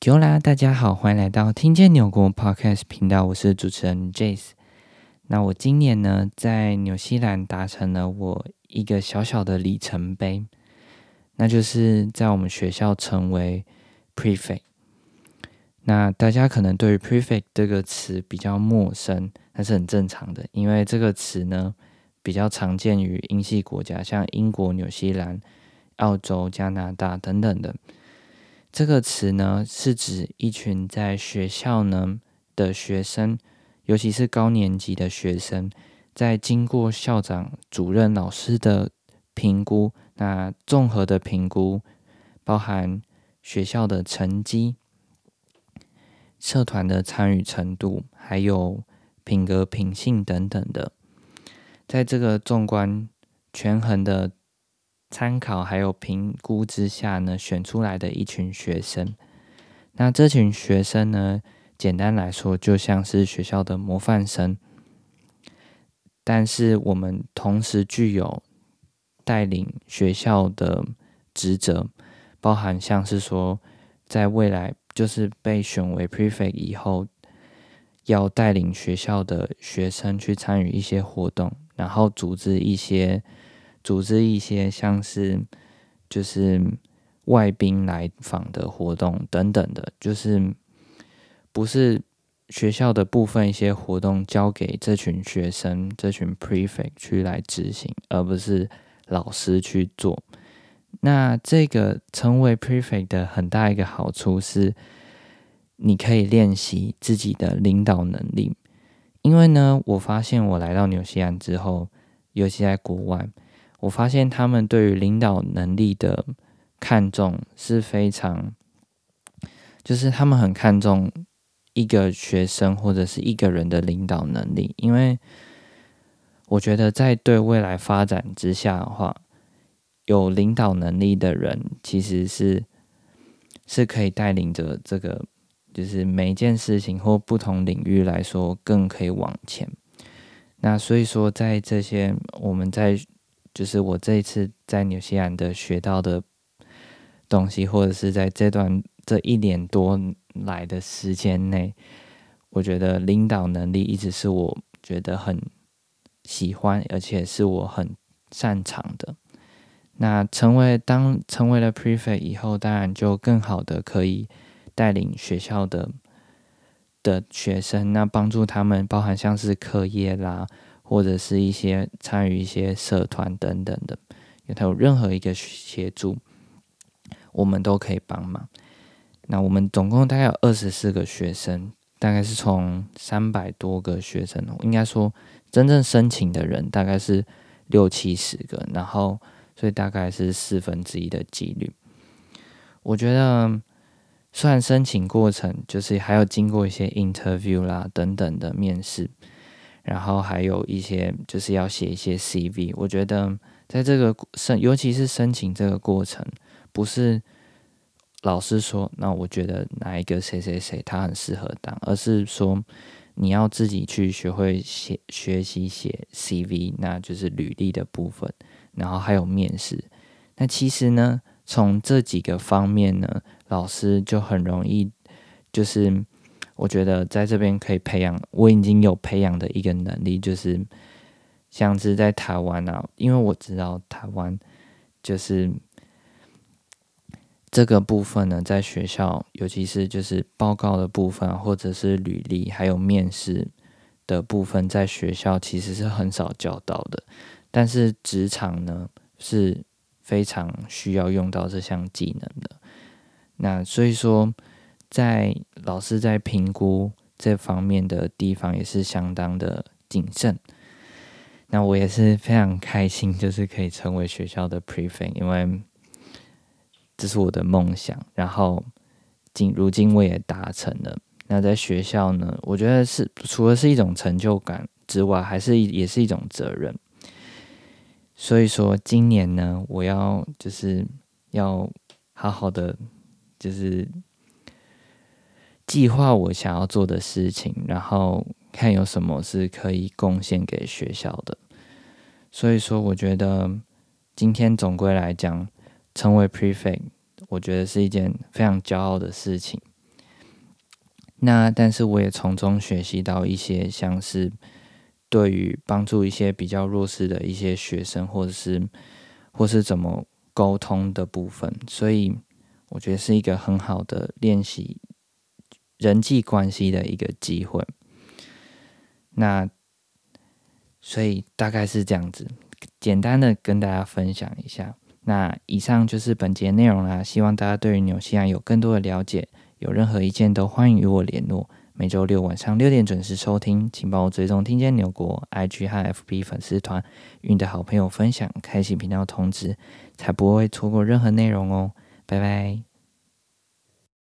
Q 啦，大家好，歡迎來到聽見紐國 Podcast 頻道，我是主持人 Jace。那我今年呢，在紐西蘭達成了我一個小小的里程碑，那就是在我們學校成為 Prefect。那大家可能對於 Prefect 這個詞比較陌生，那是很正常的，因為這個詞呢比較常見於英系國家，像英國、紐西蘭、澳洲、加拿大等等的。這個詞呢，是指一群在學校呢的學生，尤其是高年級的學生，在經過校長、主任、老師的評估，那綜合的評估，包含學校的成績、社團的參與程度，還有品格、品性等等的，在這個縱觀權衡的。參考還有評估之下呢，選出來的一群學生。那這群學生呢，簡單來說就像是學校的模範生。但是我們同時具有帶領學校的職責，包含像是說，在未來就是被選為 prefect 以後，要帶領學校的學生去參與一些活動，然後組織一些。組織一些像是就是外賓來訪的活動等等的，就是不是學校的部分一些活動交給這群學生，這群 prefect 去來執行，而不是老師去做。那這個成為 prefect 的很大一個好處是，你可以練習自己的領導能力。因為呢，我發現我來到紐西蘭之後，尤其在國外，我發現他們對於領導能力的看重是非常，就是他們很看重一個學生或者是一個人的領導能力，因為我覺得在對未來發展之下的話，有領導能力的人其實是是可以帶領着這個，就是每一件事情或不同領域來說更可以往前。那所以說，在這些我們在。就是我這一次在紐西蘭的學到的東西，或者是在這段這一年多來的時間內，我覺得領導能力一直是我覺得很喜歡，而且是我很擅長的。那成為當成為了 Prefect 以後，當然就更好的可以帶領學校的的學生，那幫助他們，包含像是課業啦。或者是一些參與一些社團等等的，因為他有任何一個協助，我們都可以幫忙。那我們總共大概有二十四個學生，大概是從三百多個學生，應該說真正申請的人大概是六七十個，然後所以大概是四分之一的幾率。我覺得雖然申請過程就是還要經過一些 interview 啦等等的面試。然後還有一些就是要寫一些 CV，我覺得在這個申，尤其是申請這個過程，不是老師說，那我覺得哪一個誰誰誰他很適合當，而是說你要自己去學會寫學習寫 CV，那就是履歷的部分，然後還有面試。那其實呢，從這幾個方面呢，老師就很容易就是。我覺得在這邊可以培養，我已經有培養的一個能力，就是像是在台灣啊，因為我知道台灣就是這個部分呢，在學校，尤其是就是報告的部分啊，或者是履歷，還有面試的部分，在學校其實是很少教到的，但是職場呢是非常需要用到這項技能的。那所以說。在老師在評估這方面的地方也是相當的謹慎。那我也是非常開心，就是可以成為學校的 prefect，因為這是我的夢想。然後今如今我也達成了。那在學校呢，我覺得是除了是一種成就感之外，還是也是一種責任。所以說，今年呢，我要就是要好好的就是。計劃我想要做的事情，然後看有什麼是可以貢獻給學校的。所以說，我覺得今天總歸來講，成為 prefect，我覺得是一件非常驕傲的事情。那但是我也從中學習到一些，像是對於幫助一些比較弱勢的一些學生，或者是或是怎麼溝通的部分。所以我覺得是一個很好的練習。人際關係的一個機會，那所以大概是這樣子，簡單的跟大家分享一下。那以上就是本節內容啦，希望大家對於紐西蘭有更多的了解。有任何意見都歡迎與我聯絡。每周六晚上六點準時收聽，請幫我追蹤聽見紐國 IG 和 FB 粉絲團，與你的好朋友分享，開啟頻道通知，才不會錯過任何內容哦。拜拜。